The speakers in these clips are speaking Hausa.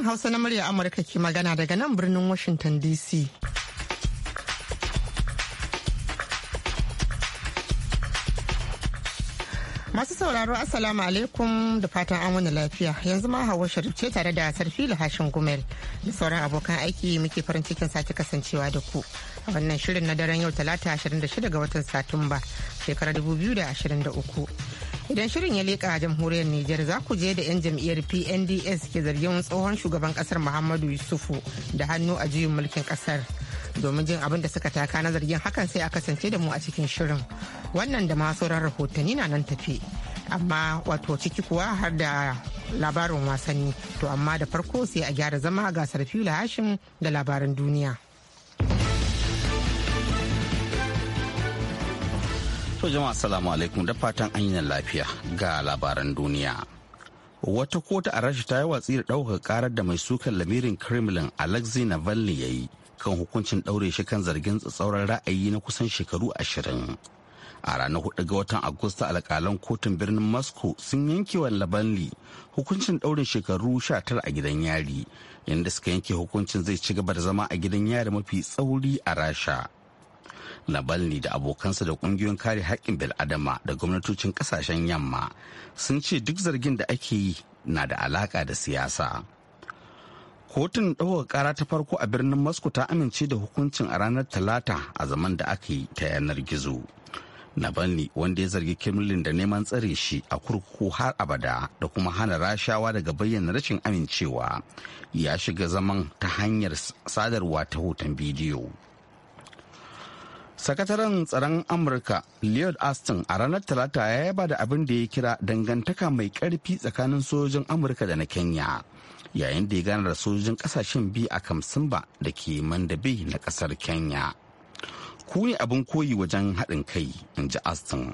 Shirin Hausa na murya Amurka ke magana daga nan birnin Washington DC. Masu sauraro Assalamu alaikum da fatan an wani lafiya yanzu ma Hauwa Sharif ce tare da Sarfi hashin Gumel da sauran abokan aiki muke farin cikin sake kasancewa da ku a wannan shirin na daren yau talata 26 ga watan Satumba shekarar 2023. Idan shirin ya leƙa jamhuriyar Nijar za ku je da 'yan jam'iyyar PNDS ke zargin tsohon shugaban kasar Muhammadu Yusufu da hannu a juyin mulkin kasar. Domin jin abin da suka taka na zargin hakan sai a kasance da mu a cikin shirin. Wannan da masu sauran rahotanni na nan tafi. Amma wato ciki kuwa har da labarin wasanni. To amma da farko sai a gyara zama gasar fila hashim da labaran duniya. To jama'a salamu alaikum da fatan an yi lafiya ga labaran duniya. Wata kota a rasha ta yi watsi da ɗaukar karar da mai sukan lamirin Kremlin Alexei Navalny ya yi kan hukuncin ɗaure shi kan zargin tsatsauran ra'ayi na kusan shekaru ashirin. a ranar hudu ga watan agusta alkalan kotun birnin moscow sun yanke wa labanli hukuncin ɗaurin shekaru 19 a gidan yari inda suka yanke hukuncin zai ci gaba da zama a gidan yari mafi tsauri a rasha Navalny da abokansa da kungiyoyin kare haƙƙin bil'adama da gwamnatocin ƙasashen yamma sun ce duk zargin da ake yi na da alaƙa da siyasa. Kotun ɗaukar ƙara ta farko a birnin Moscow ta amince da hukuncin a ranar Talata a zaman da aka yi ta yanar gizo. Navalny wanda ya zargi Kremlin da neman tsare shi a kurkuku har abada da kuma hana rashawa daga bayyana rashin amincewa ya shiga zaman ta hanyar sadarwa ta hoton bidiyo. sakataren tsaron amurka lloyd austin a ranar talata ya yaba da abin da ya kira dangantaka mai karfi tsakanin sojojin amurka da na kenya yayin da ya gana da sojojin kasashen biyu a kamsimba da ke mandabe na kasar kenya ku ne abin koyi wajen haɗin kai in ji austin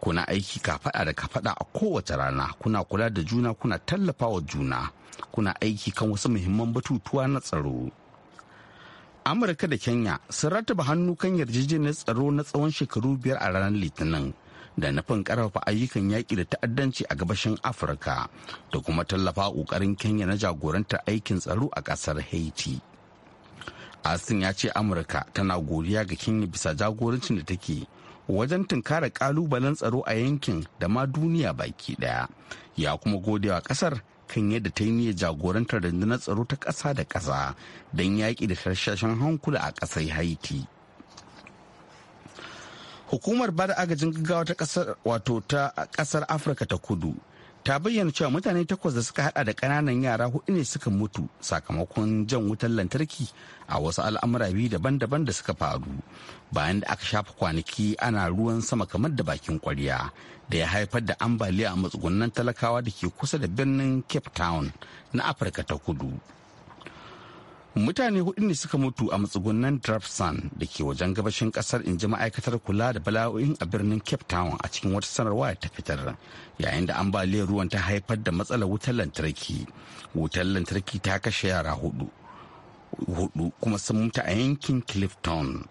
kuna aiki kafaɗa da kafaɗa a kowace rana kuna kula da juna kuna tallafawa juna kuna aiki kan wasu muhimman batutuwa na tsaro amurka da kenya sun rataba hannu kan yarjejeniyar tsaro na tsawon shekaru biyar a ranar litinin da nufin karfafa ayyukan yaƙi da ta'addanci a gabashin afirka da kuma tallafa ƙoƙarin kenya na jagorantar aikin tsaro a ƙasar haiti asin ya ce amurka tana godiya ga kenya bisa jagorancin da take wajen tunkara ƙalubalen tsaro a yankin da ma duniya baki ɗaya ya kuma godewa ƙasar kan yadda ta yi niyyar jagorantar rundunar tsaro ta ƙasa da ƙasa don yaƙi da tashashen hankula a ƙasar haiti hukumar bada agajin gaggawa wato ta ƙasar afirka ta kudu ta bayyana cewa mutane takwas da suka hada da kananan yara hudu ne suka mutu sakamakon jan wutar lantarki a wasu al'amura biyu daban-daban da suka faru bayan da aka shafa kwanaki ana ruwan sama kamar da bakin kwarya da ya haifar da ambaliya a matsugunan talakawa da ke kusa da birnin cape town na afirka ta kudu. mutane hudu ne suka mutu a matsugunan drapsan da ke wajen gabashin kasar in ji ma'aikatar kula da bala'o'in a birnin cape town a cikin wata sanarwa ta fitar yayin da ambaliyar ruwan ta haifar da matsalar wutar lantarki wutar lantarki ta kashe yara hudu hudu kuma sun mutu a yankin clifton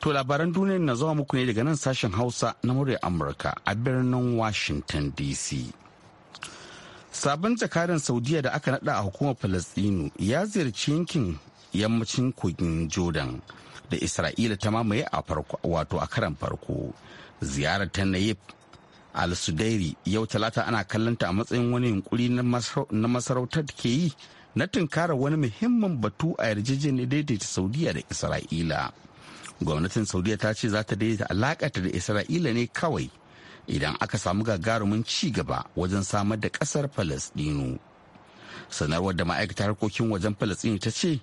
to labaran duniyar na zuwa muku ne daga nan sashen hausa na murya amurka a birnin washington dc sabon jakadan saudiya da aka nada a hukumar falastinu ya ziyarci yankin yammacin kogin jordan da isra'ila ta mamaye a farko wato a karan farko ziyarar ta nayib al-sudairi yau talata ana kallonta a matsayin wani yunkuri na masarautar da ke yi na tunkara wani muhimmin batu a yarjejeniyar daidaita saudiya da isra'ila gwamnatin saudiya ta ce za ta daidaita alakata da isra'ila ne kawai idan aka samu gagarumin ci gaba wajen samar da ƙasar falasɗinu sanarwar da ma'aikatar harkokin wajen falasɗinu ta ce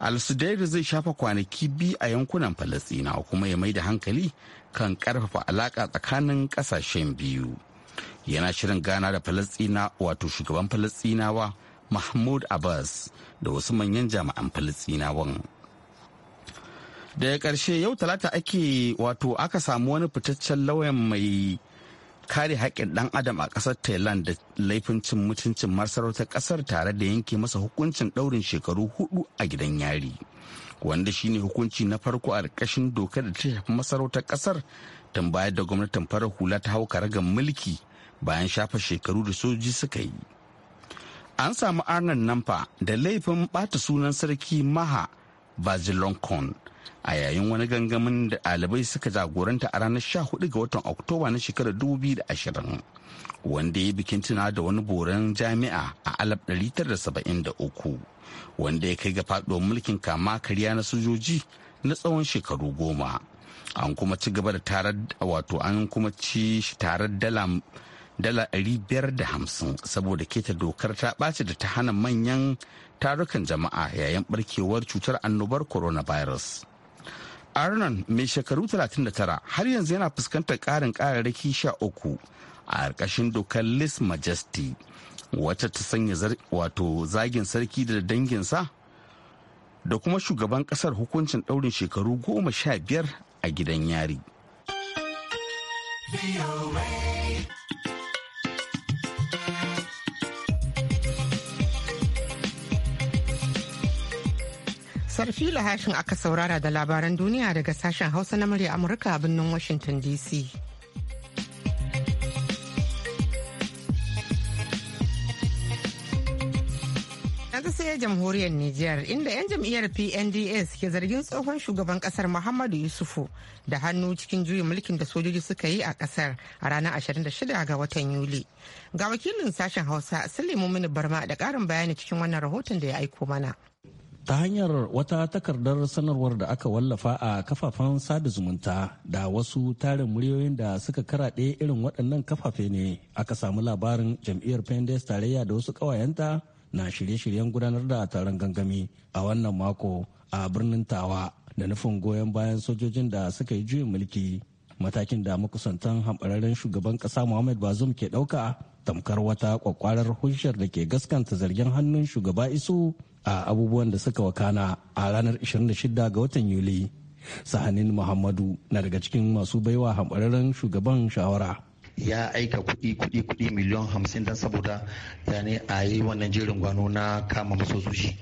al zai shafa kwanaki biyu a yankunan falastina kuma ya mai da hankali kan karfafa alaka tsakanin kasashen biyu yana shirin gana da falastina wato shugaban falastinawa mahmud abbas da wasu manyan jami'an falastinawan daga karshe yau talata ake wato aka samu wani fitaccen lauyan mai kare haƙƙin ɗan adam a ƙasar thailand da laifin cin mutuncin masarautar ƙasar tare da yanke masa hukuncin ɗaurin shekaru hudu a gidan yari wanda shine hukunci na farko a ƙarƙashin dokar da ta shafi masarautar ƙasar tun bayar da gwamnatin farar hula ta hau karagar mulki bayan shafa shekaru da soji suka yi an samu arnan namfa da laifin ɓata sunan sarki maha vajilonkon a yayin wani gangamin da ɗalibai suka jagoranta a ranar 14 ga watan oktoba na shekarar 2020 wanda ya bikin tuna da wani boran jami'a a uku, wanda ya kai ga faɗuwar mulkin kama karya na sojoji na tsawon shekaru goma an kuma ci gaba da tarar wato an kuma ci tarar dala dala hamsin, saboda keta dokar ta ɓaci da ta hana manyan tarukan jama'a yayin barkewar cutar annobar coronavirus arnon mai shekaru 39 har yanzu yana fuskantar karin sha 13 a ƙarƙashin dokar lis majesty wata ta sanya wato zagin sarki da danginsa da kuma shugaban ƙasar hukuncin ɗaurin shekaru goma sha biyar a gidan yari. Sarfi hashin aka saurara da labaran duniya daga sashen Hausa na murya Amurka a birnin Washington DC. yanzu sai jamhuriyar Nijar inda 'yan jam'iyyar PNDS ke zargin tsohon shugaban kasar Muhammadu Yusufu da hannu cikin juyin mulkin da sojoji suka yi a kasar a ranar 26 ga watan Yuli. Ga wakilin sashen Hausa Suleiman Mini Barma da ƙarin bayani cikin wannan rahoton da ya aiko mana. ta hanyar wata takardar sanarwar da aka wallafa a kafafen sada zumunta da wasu tarin muryoyin da suka karaɗe irin waɗannan kafafe ne aka samu labarin jam'iyyar pendes tarayya da wasu ƙawayenta na shirye-shiryen gudanar da taron gangami a wannan mako a birnin tawa da nufin goyon bayan sojojin da suka yi juyin mulki matakin da makusantan hambararren shugaban ƙasa muhammad bazum ke ɗauka tamkar wata kwakwarar hujjar da ke gaskanta zargin hannun shugaba isu a abubuwan da suka wakana a ranar 26 ga watan yuli sahanin muhammadu na daga cikin masu baiwa hambararren shugaban shawara ya aika kuɗi kuɗi kuɗi miliyan hamsin don saboda ya ne a yi wannan jerin gwano na kama maso zuci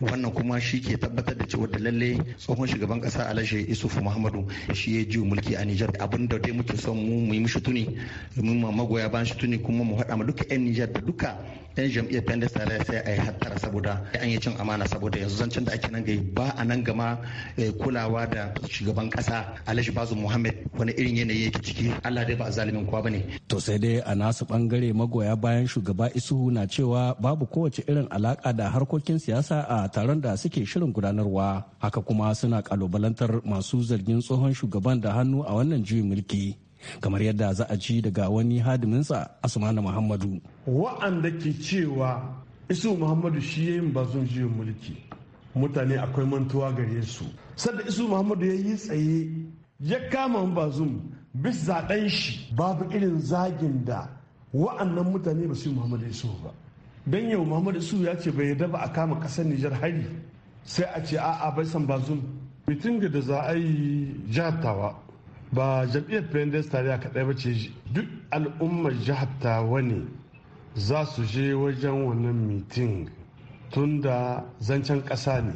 wannan kuma shi ke tabbatar da cewa da lalle tsohon shugaban kasa alashe isufu muhammadu shi ya ji mulki a nijar abin da dai muke son mu yi mishi tuni ma magoya ban shi tuni kuma mu haɗa ma duka 'yan nijar da duka 'yan jam'iyyar pendas tare sai a yi hattara saboda an yi cin amana saboda yanzu zancen da ake nan gai ba a nan gama eh, kulawa da shugaban kasa alashe bazu muhammad wani irin yanayi yake ciki allah dai ba a zalimin kowa ne. to sai dai a nasu bangare magoya bayan shugaba isuhu na cewa babu kowace irin alaka da harkokin siyasa a a taron da suke shirin gudanarwa haka kuma suna kalubalantar masu zargin tsohon shugaban da hannu a wannan juyin mulki kamar yadda za a ji daga wani hadiminsa asmanu muhammadu wa'anda ke cewa isu muhammadu shi ya yin bazon juyin mulki mutane akwai mantuwa gare su sadda isu muhammadu ya yi tsaye ya kama bazum bis zaɗen shi babu irin zagin da wa'annan mutane ba su yi muhammadu so ba don yau muhammadu su ya ce bai yarda ba a kama kasar nijar hari sai a ce a'a bai san bazum mitin da za a yi jihar ba jam'iyyar pendes a kaɗai ba ce duk al'ummar jihar ne za su je wajen wannan mitin tunda zancen ƙasa ne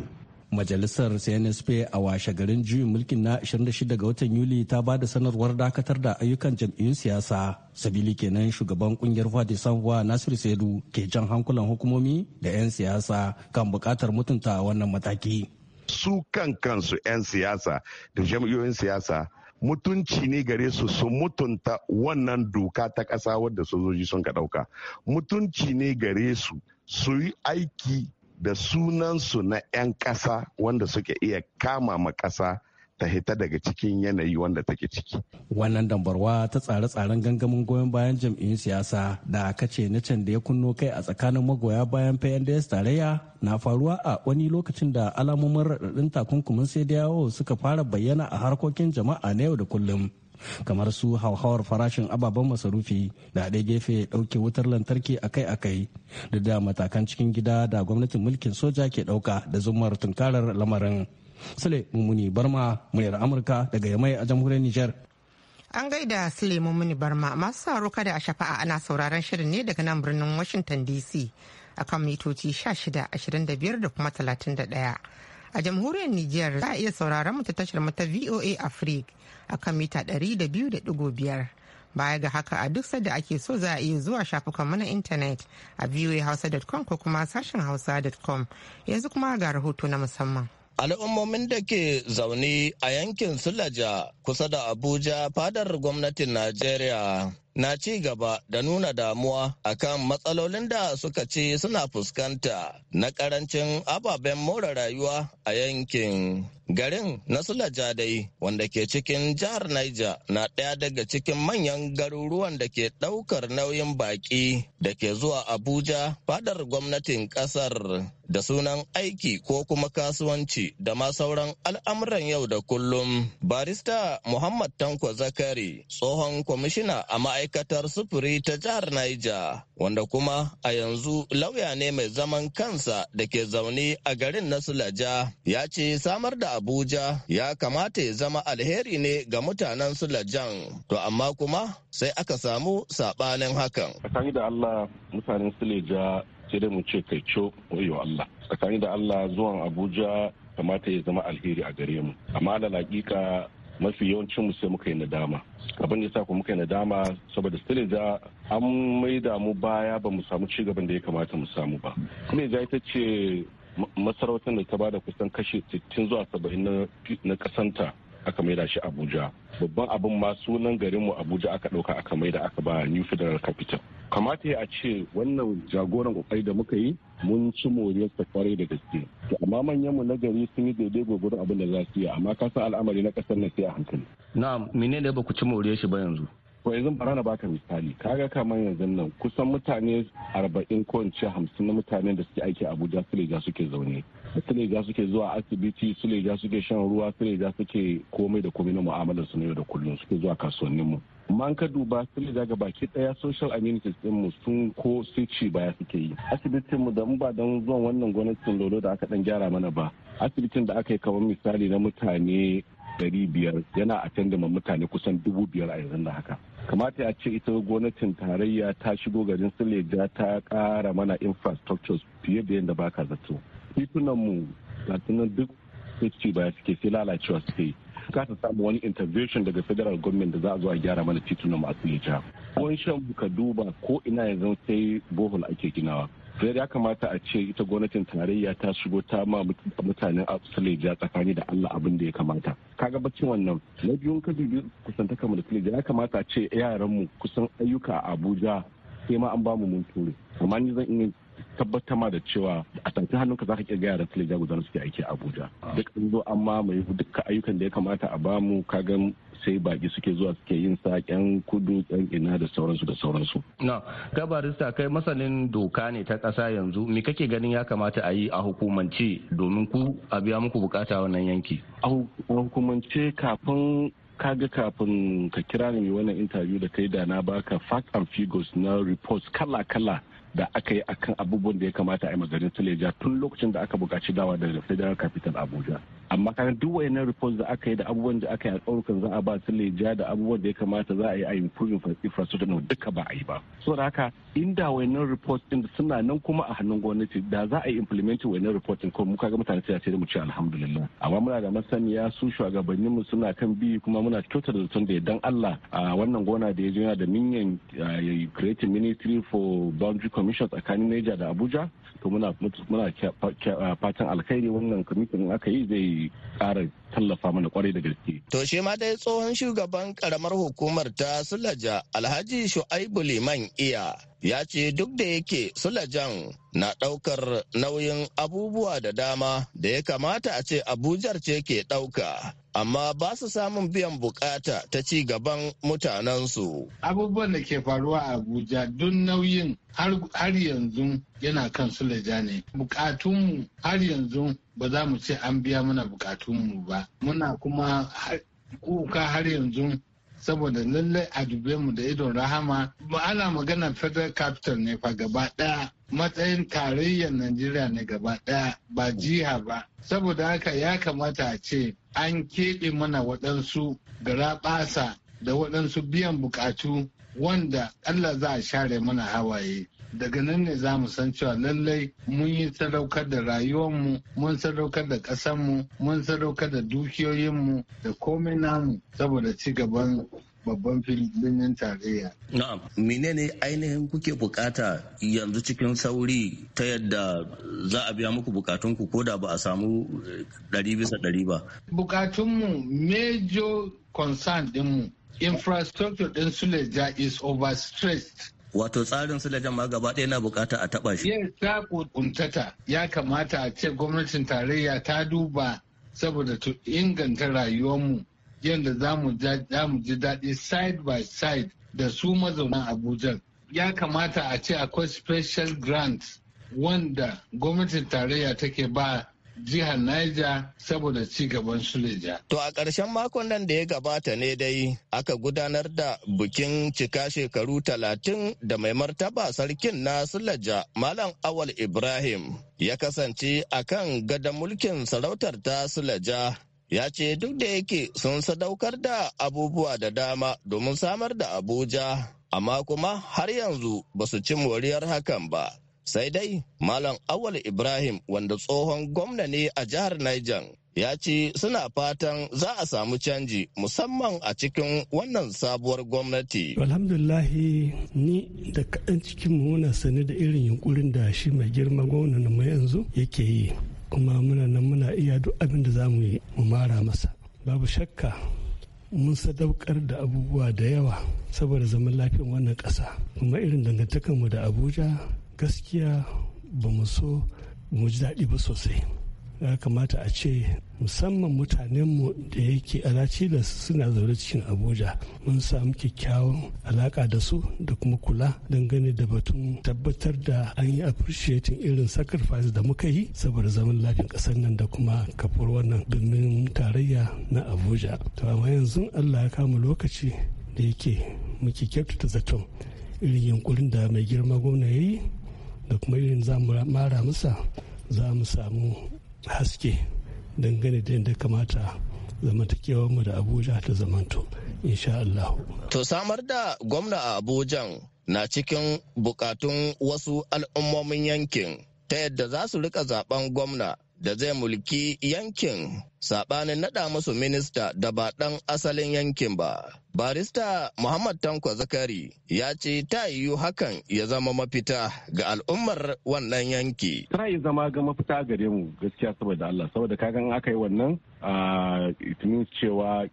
Majalisar CNSP a washe garin juyin mulkin na 26 ga watan Yuli ta ba da sanarwar dakatar da ayyukan jam'iyyun siyasa. Sabili kenan shugaban kungiyar Fadi Sanwa Nasiru Sedu ke jan hankulan hukumomi da 'yan siyasa kan bukatar mutunta wannan mataki. Su kan kansu 'yan siyasa da jam'iyyoyin siyasa mutunci ne gare su su mutunta wannan doka ta ƙasa wadda sojoji sun ka ɗauka. Mutunci ne gare su su yi aiki da sunansu na 'yan ƙasa wanda suke iya kama ma ƙasa ta hita daga cikin yanayi wanda take ciki. Wannan dambarwa ta tsare-tsaren gangamin goyon bayan jam'iyyun siyasa da aka ce na can da ya kunno kai a tsakanin magoya bayan fayan PNDS tarayya na faruwa a wani lokacin da alamomin raɗaɗin takunkumin sai da yawo suka fara bayyana a harkokin jama'a na yau da kullum. kamar su hauhawar farashin ababen masarufi da haɗe gefe ɗauke wutar lantarki akai-akai duk da matakan cikin gida da gwamnatin mulkin soja ke ɗauka da zumar tunkarar lamarin. Sule Mumuni Barma, muryar Amurka daga Yamai a jamhuriyar Nijar. An gaida Sule Mumuni Barma masu sauraro kada a shafa'a ana sauraron shirin ne daga nan birnin Washington DC akan mitoci 16, 25 da kuma 31. A jamhuriyar Nijar za a iya sauraron mu ta tashar mu ta VOA Africa a kan mita 200.5. Baya ga haka a duk sadda ake so za a iya zuwa shafukan mu intanet a voahausa.com ko kuma sashen hausa.com yanzu kuma ga rahoto na musamman. al'ummomin da ke zaune a yankin sulaja kusa da abuja fadar gwamnatin najeriya na ci gaba da nuna damuwa a kan matsalolin da suka ce suna fuskanta na karancin ababen more rayuwa a yankin garin na Sulajadai wanda ke cikin jihar Niger na ɗaya daga cikin manyan garuruwan da ke ɗaukar nauyin baƙi da ke zuwa Abuja fadar gwamnatin ƙasar da sunan aiki ko kuma kasuwanci da ma sauran al'amuran yau da kullum. Barista Muhammad Tanko Zakari tsohon kwamishina a ma'aikatar sufuri ta jihar Niger, wanda kuma a yanzu lauya ne mai zaman kansa da ke zaune a garin na Sulaja, ya ce samar da Abuja ya kamata ya zama alheri ne ga mutanen Sulajan. To amma kuma sai aka samu saɓanin hakan. Tsakani da Allah mutanen Sulaja sai dai mu ce kai co Allah. Tsakani da Allah zuwan Abuja kamata ya zama alheri a gare mu. Amma da mafi yawancin mu sai muka yi nadama abin da yasa ku muka yi nadama saboda still da an mai da mu baya ba mu samu ci gaban da ya kamata mu samu ba kuma yanzu ita ce masarautar da ta bada kusan kashi 60 zuwa 70 na kasanta aka maida shi abuja babban abin ma sunan garin mu abuja aka dauka aka maida aka ba new federal capital kamata ya a ce wannan jagoran kokari da muka yi mun ci moriyarsa kwarai da gaske to amma manyan mu na sun yi daidai gurgurin abin da za su yi amma ka san al'amari na kasar na sai a hankali na'am mine da ba ku ci moriyar shi ba yanzu ko yanzu bara na baka misali kaga kamar yanzu nan kusan mutane arba'in ko ince hamsin na mutanen da suke aiki a abuja suleja suke zaune suleja suke zuwa asibiti suleja suke shan ruwa suleja suke komai da komai na mu'amalar su na yau da kullum suke zuwa kasuwannin mu man ka duba sun zaga baki daya social amenities mu sun ko sun ci baya suke yi asibitin mu da mu ba don zuwan wannan gwamnatin lolo da aka dan gyara mana ba asibitin da aka yi kamar misali na mutane dari biyar yana a ma mutane kusan dubu biyar a yanzu da haka kamata ya ce ita gwamnatin tarayya ta shigo garin suleja ta kara mana infrastructures fiye da yadda baka zato mu ga duk sun ci baya suke sai lalacewa suke yi za ta samu wani intervention daga federal government da za a zo a gyara mana tituna masu hijab ruwan shan ka duba ko ina yanzu sai bohol ake ginawa Zai ya kamata a ce ita gwamnatin tarayya ta shigo ta ma mutanen Suleja tsakani da Allah abin da ya kamata ka ga bacin wannan na biyun ka bi kusanta kamar da ya kamata a ce yaran mu kusan ayyuka a Abuja sai ma an bamu mun ture amma ni zan iya tabbata ma da cewa a tantan hannunka za ka kirga yaran su leja guda suke aiki a Abuja ah. duk an zo an mamaye dukkan ayyukan da ya kamata a bamu ka kaga sai baki suke zuwa suke yin sa yan kudu yan ina da sauransu da sauransu. Na ka kai masanin doka ne ta kasa yanzu me kake ganin ya kamata a yi a hukumance domin ku a biya muku bukata wannan yanki. A hukumance kafin kaga kafin ka kira ni wannan interview da kai da na baka fact and figures na reports kala-kala da aka yi akan abubuwan da ya kamata a yi magarin suleja tun lokacin da aka buƙaci dawa daga federal capital abuja amma kaga duk wayannan reports da aka yi da abubuwan da aka yi alƙawarin za a ba su leja da abubuwan da ya kamata za a yi a improve infrastructure na duka ba a yi ba da haka inda wayannan reports din suna nan kuma a hannun gwamnati da za a yi implement wayannan report din kuma kaga mutane sai ce da mu ce alhamdulillah amma muna da masaniya su shugabannin mu suna kan bi kuma muna kyautar da zaton da dan Allah a wannan gona da ya yana da minyan creating ministry for boundary commission tsakanin Niger da Abuja to muna fatan alkhairi wannan kamitin aka yi zai ƙara tallafa mana kwarai da gaske. To shi ma dai tsohon shugaban karamar hukumar ta Sulaja Alhaji Shu'aibu Liman Iya ya ce duk da yake Sulajan na ɗaukar nauyin abubuwa da dama da ya kamata a ce Abujar ce ke ɗauka. Amma ba su samun biyan bukata ta ci gaban mutanensu. Abubuwan da ke faruwa a Abuja don nauyin har yanzu yana kan Sulaja ne. Bukatunmu har yanzu ba za mu ce an biya mana mu ba muna kuma kuka har yanzu saboda lallai a dube mu da idon rahama ba ana magana federal capital ne fa gaba daya matsayin tarayyar najeriya ne gaba daya ba jiha ba saboda haka ya kamata a ce an keɓe mana waɗansu garaɓasa da waɗansu biyan bukatu wanda allah za a share mana hawaye daga nan ne za mu san cewa lallai mun yi sadaukar da rayuwar mu mun sadaukar da mu mun sadaukar da dukiyoyinmu da komai namu saboda ci gaban babban filin tarayya. Na'am, menene ainihin kuke bukata yanzu cikin sauri ta yadda za a biya muku bukatunku ko da ba a samu eh, ɗari bisa ɗari ba? Bukatunmu major concern dinmu infrastructure din Suleja is overstressed. Wato tsarin silajen ma gaba ɗaya na bukata a taɓa shi. Yes, ta kuntata ya kamata a ce gwamnatin tarayya ta duba saboda ta inganta rayuwarmu yadda za mu ji daɗi side by side da su mazaunan Abuja. Ya kamata a ce akwai special grant wanda gwamnatin tarayya take ba jihar Niger saboda ci gaban Suleja. To a ƙarshen makon nan da ya gabata ne dai aka gudanar da bikin cika shekaru talatin da mai martaba sarkin na Suleja Malam Awal Ibrahim ya kasance a kan gada mulkin sarautar ta Suleja. Ya ce duk da yake sun sadaukar da abubuwa da dama domin samar da Abuja, amma kuma har yanzu ba su ci moriyar hakan ba. sai dai malam awal ibrahim wanda tsohon gwamna ne a jihar niger ya ce suna fatan za a samu canji musamman a cikin wannan sabuwar gwamnati. alhamdulahi ni da kaɗan cikin muna sani da irin yunkurin da shi mai girma gwamnan mu yanzu yake yi kuma muna nan muna iya duk abin da za mu yi mu mara masa babu shakka mun sadaukar da abubuwa da yawa saboda zaman lafiyar wannan ƙasa kuma irin dangantakarmu da abuja gaskiya ba mu so mu ji daɗi ba sosai ya kamata a ce musamman mutanenmu da yake alaci da suna zaune cikin abuja mun samu kyakkyawan alaka da su da kuma kula dangane da batun tabbatar da an yi appreciating irin sacrifice da muka yi saboda zaman lafiyan ƙasar nan da kuma kafar wannan domin tarayya na abuja to amma yanzu allah ya kama lokaci da yake muke kyautata zaton irin yunkurin da mai girma gwamna ya yi da kuma irin za mu mara masa za mu samu haske dangane da yadda kamata zamantakewarmu da abuja ta zamanto insha Allah. to samar da gwamna a abujan na cikin bukatun wasu al'ummomin yankin ta yadda za su rika zaben gwamna da zai mulki yankin sabanin naɗa musu minista da ba ɗan asalin yankin ba. Barista Muhammad Tanko Zakari ya ce ta yiwu hakan ya zama mafita ga al'ummar wannan yanki. Tana yi zama ga mafita gare mu gaskiya saboda Allah saboda kagan aka yi wannan a cewa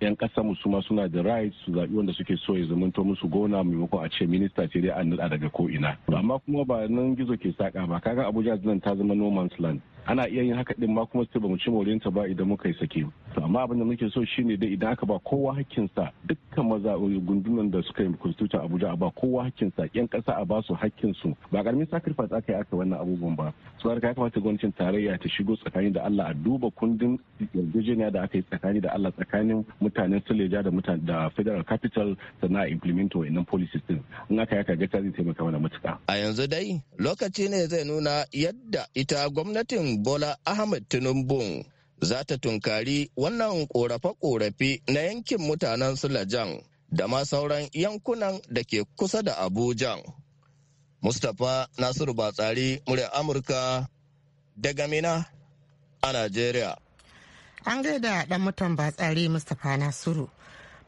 yan kasa mu suma suna da rights su zaɓi wanda suke so ya zamanto musu gona maimakon a ce minista ce dai an naɗa daga ko ina. Amma kuma ba nan gizo ke saka ba kagan Abuja zan ta zama no man's land. ana iya yin haka din ma kuma ba mu ci morinta ba idan muka yi sake to amma abin muke so shine dai idan aka ba kowa hakkinsa dukkan maza eh, gundunan da suka yi constitution abuja a ba kowa hakkinsa yan kasa a ba su hakkinsu ba karamin sacrifice aka yi aka wannan abubuwan ba su ka ya kamata gwamnatin tarayya ta shigo tsakani da allah a duba kundin yarjejeniya da aka yi tsakani da allah tsakanin mutanen suleja da mutanen da federal capital sannan a implement wannan policies din in aka aka gata zai taimaka mana matuka a yanzu dai lokaci ne zai nuna yadda ita gwamnatin bola ahmed tinubu za ta tunkari wannan korafe-korafe na yankin mutanen Sulajan da ma sauran yankunan da ke kusa da Abuja. Mustapha Nasiru Batsari murya Amurka daga Mina a Najeriya. An gaida ɗan mutan Batsari Mustapha Nasiru.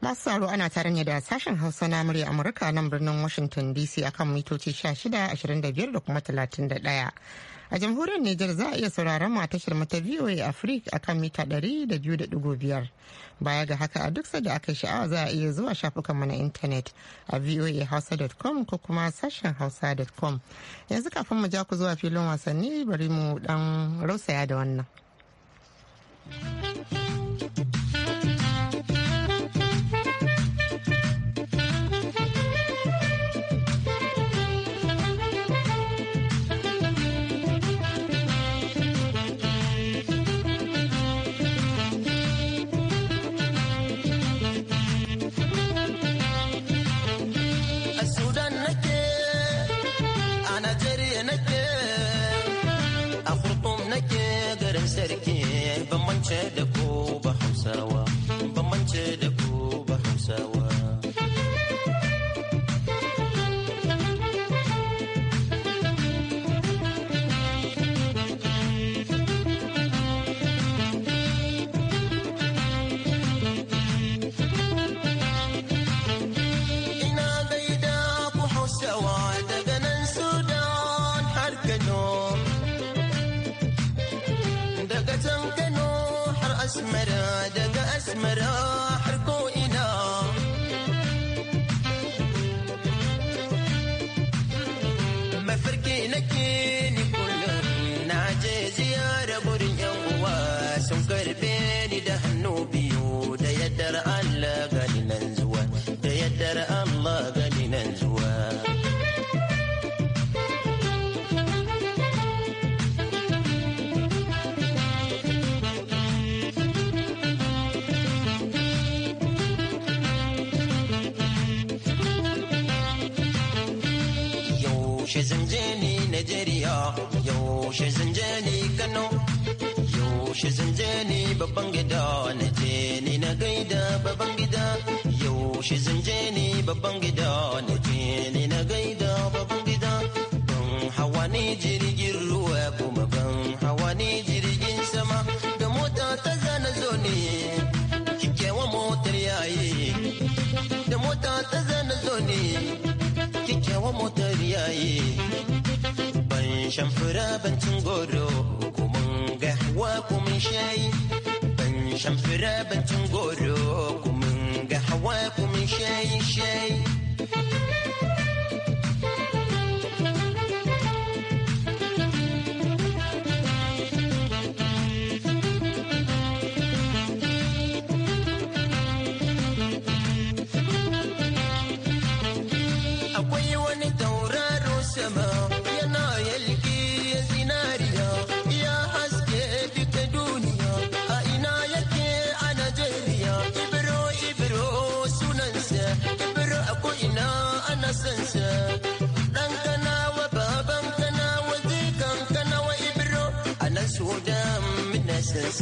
Masu tsaro ana tare ne da sashen Hausa na murya Amurka nan birnin Washington DC akan mitoci 16, 25 da kuma 31. A jamhuriyar Nijar za a iya sauraron mu a tashar mata VOA Africa biyu da mita 200.5. Baya ga haka a duk sanda aka sha'awa za a iya zuwa shafukan mu na intanet a voahausa.com ko kuma sashen hausa.com. Yanzu kafin mu ja ku zuwa filin wasanni bari mu dan rausaya da wannan. yaushe zanje ni Najeriya yaushe zanje ni Kano yaushe zanje ni babban gida na je ni na gaida babban gida yaushe zanje ni babban gida na je ni na gaida babban gida ban hawa ne jirgin ruwa kuma ban hawa ne jirgin sama da mota ta zana zo ne kikewa motar yayi da mota ta zana zo ne kikewa motar shaye ban shan fura ban cin goro ko mun ga hawa ko mun shayi ban shan fura ban cin goro ko mun ga hawa ko mun shayi shayi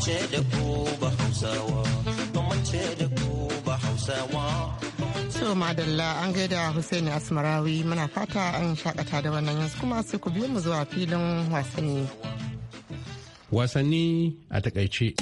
mance da ku ba hausawa da ku ba hausawa so madalla an gaida hussein asmarawi muna fata an shakata da wannan yanzu kuma sai ku biyo mu zuwa filin wasanni wasanni a takaice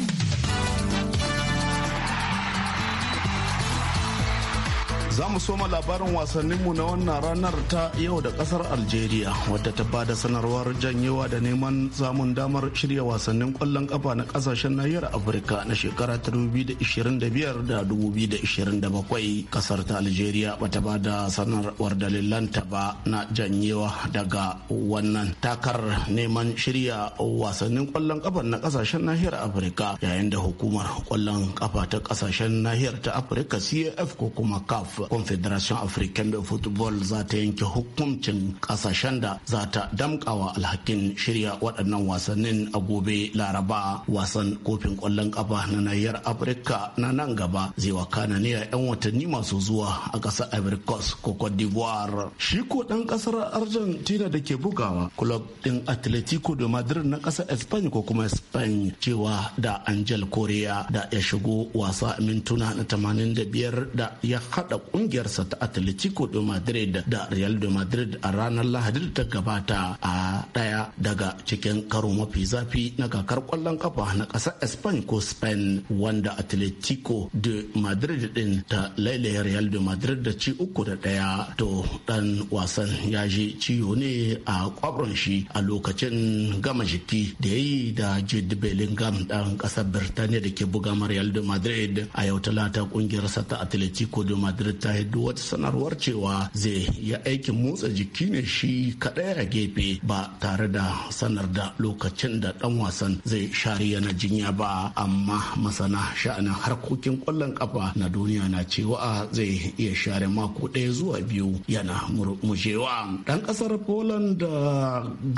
Za mu soma labarin wasanninmu na wannan ranar ta yau da kasar Algeria wadda ta bada sanarwar janyewa da neman samun damar shirya wasannin kwallon kafa na kasashen nahiyar Afirka na shekara ta 2025 da 2027. Kasar ta Algeria ta bada sanarwar dalilanta ba na janyewa daga wannan takar neman shirya wasannin kwallon kafa na kasashen nahiyar Afirka yayin da hukumar kwallon kafa ta kasashen nahiyar ta Afirka CAF ko kuma CAF confederation african de football za ta yanke hukuncin kasashen da za ta damkawa alhakin shirya waɗannan wasannin a gobe laraba wasan kofin ƙwallon ƙafa na nahiyar afirka na nan gaba zai wakana ne a 'yan watanni masu zuwa a ƙasar ivory coast ko cote d'ivoire shi ko ɗan ƙasar argentina da ke bugawa club ɗin atletico de madrid na ƙasar spain ko kuma spain cewa da angel korea da ya shigo wasa mintuna na 85 da ya haɗa kungiyarsa ta atletico de madrid da real de madrid a ranar lahadi da ta gabata a daya daga cikin karo mafi zafi na kakar kwallon kafa na kasar spain ko spain wanda atletico de madrid din ta lailaya real de madrid da ci uku da daya to dan wasan ya ji ciwo ne a kwabron shi a lokacin gama jiki da ya yi da jude bellingham dan kasar birtaniya da ke buga real de madrid a yau talata kungiyarsa ta atletico de madrid ta hiddo wata sanarwar cewa zai yi aikin motsa jiki ne shi kaɗai a gefe ba tare da sanar da lokacin da ɗan wasan zai share yana jinya ba amma masana sha'anin harkokin ƙwallon ƙafa na duniya na cewa zai iya share mako ɗaya zuwa biyu yana murmushewa ɗan ƙasar poland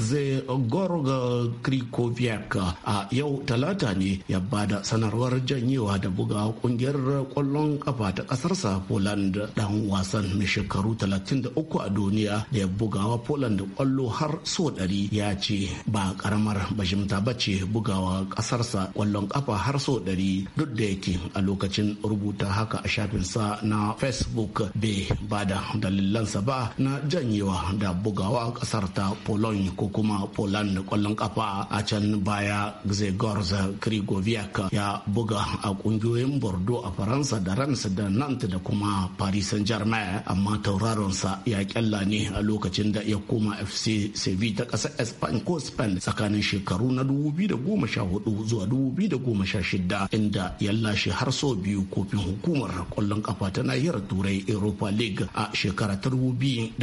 zai gorga krikoviak a yau talata ne ya bada sanarwar janyewa da buga ƙungiyar ƙwallon ƙafa ta ƙasarsa poland da dan wasan mai shekaru 33 a duniya da ya bugawa Poland kwallo har so ɗari ya ce ba karamar ba ce bugawa kasarsa kwallon kafa har so ɗari duk da yake a lokacin rubuta haka a shafinsa na Facebook bai ba da dalilansa ba na janyewa da bugawa kasar ta Poland ko kuma Poland kwallon kafa a can baya Grzegorz Krigoviak ya buga a kungiyoyin Bordeaux a Faransa da Rams da Nantes da kuma Paris Saint-Germain amma tauraronsa ya kyalla ne a lokacin da ya koma FC Sevilla ta ƙasar Spain ko Spain tsakanin shekaru na 2014 zuwa 2016 inda ya lashe har sau biyu kofin hukumar ƙwallon kafa ta nahiyar Turai Europa League a shekara ta 2015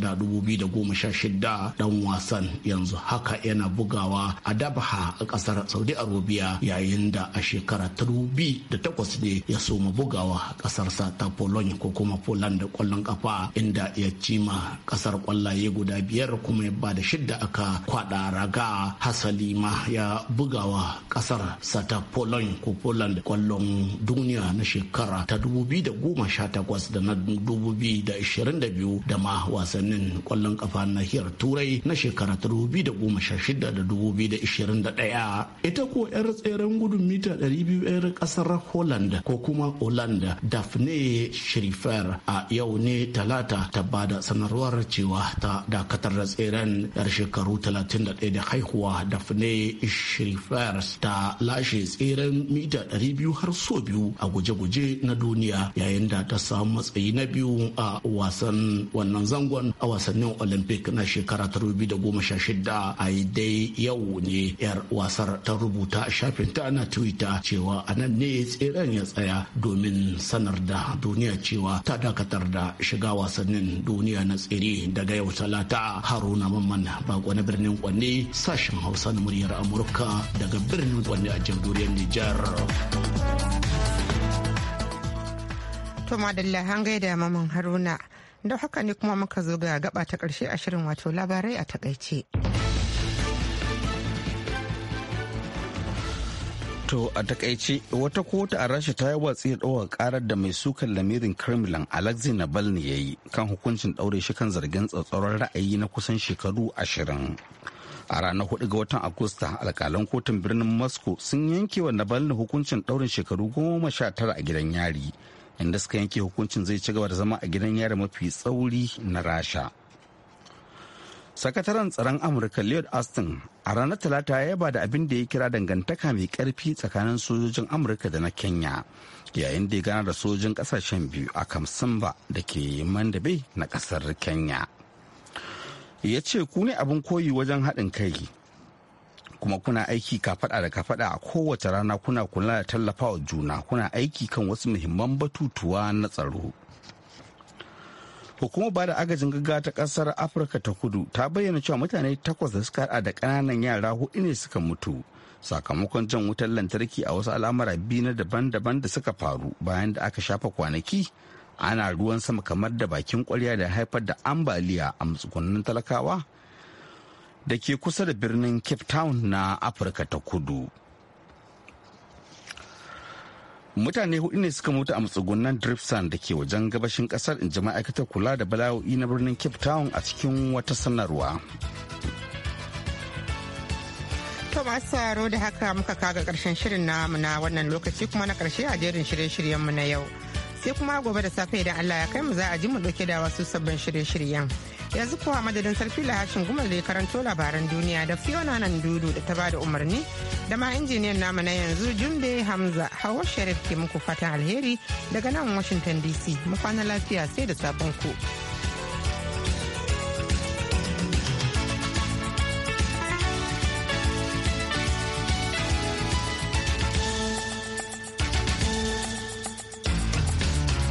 da 2016 dan wasan yanzu haka yana bugawa a Dabaha a ƙasar Saudi Arabia yayin da a shekara ta 2008 ne ya soma bugawa a ƙasarsa ta ta Poland ko kuma Poland da kwallon kafa inda ya cima kasar kwallaye guda biyar kuma ya bada shidda aka kwada raga hasali ma ya bugawa kasar ta Poland ko Poland kwallon duniya na shekara ta 2018 da na 2022 da ma wasannin kwallon kafa nahiyar turai na shekara ta 2016 da 2021 ita ko 'yar tseren gudun mita 200 'yar kasar Holland ko kuma Holland Daphne Shirifar a yau ne talata ta bada sanarwar cewa ta dakatar da tseren yar shekaru 31 da haihuwa Daphne Shirifar ta lashe tseren mita 200 har so biyu a guje-guje na duniya yayin da ta samu matsayi na biyu a wasan wannan zangon a wasannin Olympic na shekara ta 2016 a dai yau ne yar wasar ta rubuta shafinta na Twitter cewa anan ne tseren ya tsaya domin sanar da duniya cewa ta dakatar da shiga wasannin duniya na tsere daga yau talata haruna mamman bako na birnin kwanne sashen hausa na muryar amurka daga birnin kwanne a jamhuriyar nijar to madalla an gaida mamman haruna da haka ne kuma muka zo ga gaba ta karshe a shirin wato labarai a takaice. To a takaice wata kota a Rasha ta yi watsi da ɗaukar karar da mai sukan lamirin Kremlin Alexei Navalny ya yi kan hukuncin ɗaure shi kan zargin tsatsauran ra'ayi na kusan shekaru ashirin. A ranar hudu ga watan Agusta alkalan kotun birnin Moscow sun yanke wa Navalny hukuncin ɗaurin shekaru goma sha tara a gidan yari inda suka yanke hukuncin zai ci gaba da zama a gidan yari mafi tsauri na Rasha. sakataren tsaron amurka lloyd austin a ranar talata ya yaba da abin da ya kira dangantaka mai karfi tsakanin sojojin amurka da na kenya yayin da ya gana da sojojin kasashen biyu a kamsamba da ke mandabe na kasar kenya ya ce ku ne abin koyi wajen haɗin kai kuma kuna aiki kafaɗa da kafaɗa a kowace rana kuna kula da tallafawa juna kuna aiki kan wasu muhimman batutuwa na tsaro hukumar bada agajin gaggawa ta kasar afirka ta kudu ta bayyana cewa mutane takwas da suka hada da kananan yara hudu ne suka mutu sakamakon jan wutar lantarki a wasu al'amura biyu na daban-daban da suka faru bayan da aka shafa kwanaki ana ruwan sama kamar da bakin kwarya da haifar da ambaliya a matsugunan talakawa da ke kusa da birnin cape town na afirka ta kudu mutane hudu ne suka mutu a matsugunan dripsan da ke wajen gabashin kasar in ji ma'aikatar kula da bala'o'i na birnin cape town a cikin wata sanarwa to masu tsaro da haka muka kaga karshen shirin namu na wannan lokaci kuma na karshe a jerin shirye shiryen mu na yau sai kuma gobe da safe idan allah ya kai mu za a ji mu dauke da wasu sabbin shirye-shiryen yanzu kuwa madadin sarfi lahashin gumal guma ya karanto labaran duniya da fiona nan dudu da ta ba da umarni da ma injiniyan namu na yanzu jumbe hamza hawa sharif ke muku fatan alheri daga nan washington dc mu lafiya sai da sabon ku.